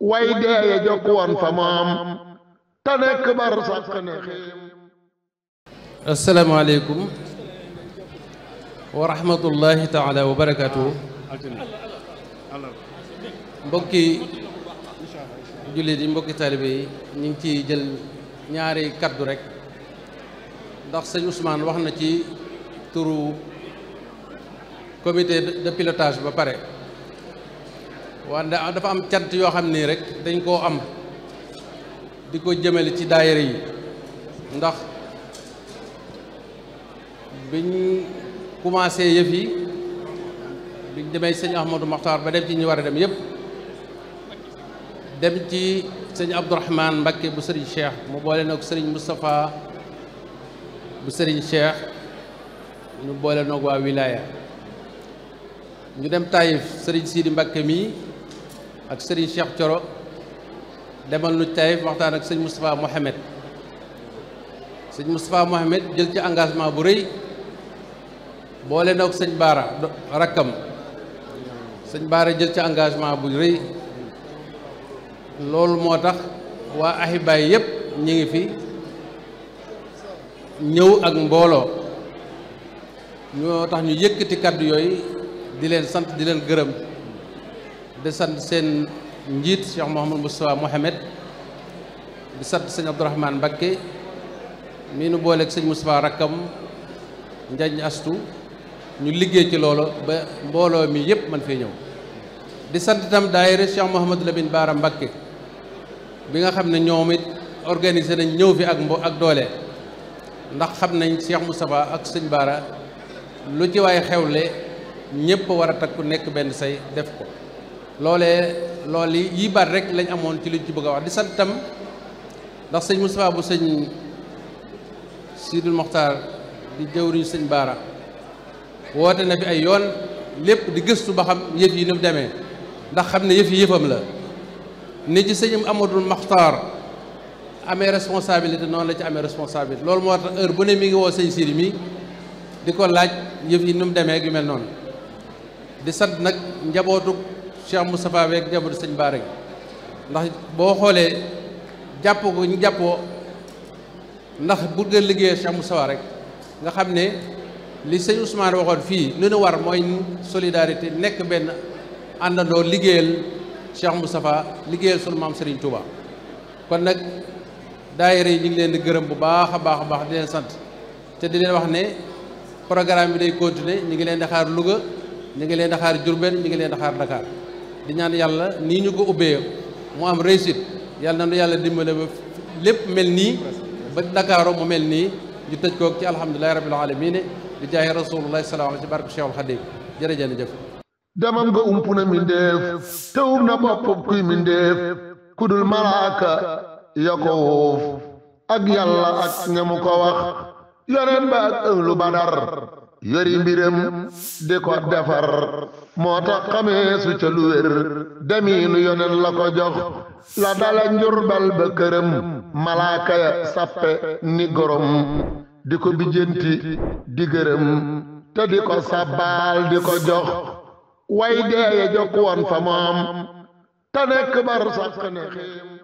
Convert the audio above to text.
way deeye jokk woon fa moom te nekk bar sàq ne xéem asalaamaaleykum wa rahmatullahi taala wa barakaatu mbokki jullit yi mbokki taalibe yi ñu ngi ci jël ñaari kaddu rek ndax sëñ Ousmane wax na ci turu comité de pilotage ba pare waaye dafa am cant yoo xam nii rek dañ koo am di ko jëmale ci daayira yi ndax biñ commencé yëf yi biñ demee sëñ Ahmadou Maxtaar ba dem ci ñu war a dem yëpp dem ci sëñ Abdourahman Mbakke bu sëriñ Cheikh mu boole noog sëriñ Moustapha bu sëriñ Cheikh ñu boole noog waa wilaya ñu dem Taïf sëriñ Sidi Mbakke mii ak sëriñ Cheikh Thioro demal nu Taïf waxtaan ak sëñ Moustapha Mohamed sëñ Moustapha Mohamed jël ci engagement bu rëy boole na ak sëñ Baara rakkam sëñ Baara jël ci engagement bu réy loolu moo tax waa ahibaay yëpp ñi ngi fi ñëw ak mbooloo ñoo tax ñu yëkkati kàddu yooyu di leen sant di leen gërëm di sant seen njiit Cheikh Mouhamadou Moustapha Mohamed di sant sëñ Abdourahmane Mbakke mii nu booleeg sëñ Moustapha rakkam njañ astu ñu liggéey ci loolu ba mbooloo mi yëpp man fee ñëw di sant itam daayira Cheikh Mouhamadou Lamine Baara Mbakke bi nga xam ne ñoom it organisé nañ ñëw fi ak mbo ak doole ndax xam nañ Cheikh Moustapha ak sëñ Baara lu ci waay xewle ñëpp war a takku nekk benn say def ko loole lool yi yi baat rek lañ amoon ci liñ ci bëgg a wax di sant tam ndax sëñ Moustapha bu sëñ Sidul Moxtaar di jëwriñu sëñ Baara woote na fi ay yoon lépp di gëstu ba xam yëf yi ni mu demee ndax xam ne yëf yi yëfam la ni ci sëñ amatul Moxtaar amee responsabilité noonu la ci amee responsabilité loolu moo tax heure bu ne mi ngi woo sëñ Sidi mi di ko laaj yëf yi ni mu demee ak mel noonu di sant nag njabootu. Cheikh Moustapha weeg njabootu sëñ Baara gi ndax boo xoolee jàpp ko ñu jàppoo ndax bu dee liggéeyee Cheikh Moustapha rek nga xam ne li sëñ Ousmane waxoon fii lu nu war mooy solidarité nekk benn àndandoo liggéeyal Cheikh Moustapha liggéeyal sunu maam Serigne Touba kon nag daayira yi ñu ngi leen di gërëm bu baax a baax a baax di leen sant te di leen wax ne programme bi day continuer ñu ngi leen di xaar Louga ñu ngi leen di xaar Diourbel ñu ngi leen di xaar di ñaan yàlla nii ñu ko ubbee mu am réussite yàlla na yàlla dimbale ba lépp mel nii ba Ndakaaru mu mel nii ñu tëj koog ci alhamdulilahi rabbil alamin di jaay rasulullahi sallallahu alayhi ci barke Cheikhul Khadim jërëjëf jëf demam nga ump na mindeef te um na boppam kuy mindeef kudul malaaka ya ko wóof ak yàlla ak ñamu ko wax yoneen ba ak ënglu badar yori mbiram di ko defar moo tax xamee su ca yonen la ko jox la dala njurbal ba këram malaaka ya sappe ni gorom di ko bijjanti di gërëm di ko sabbaal di ko jox way deeye jokk woon fa moom te nekk bar sàq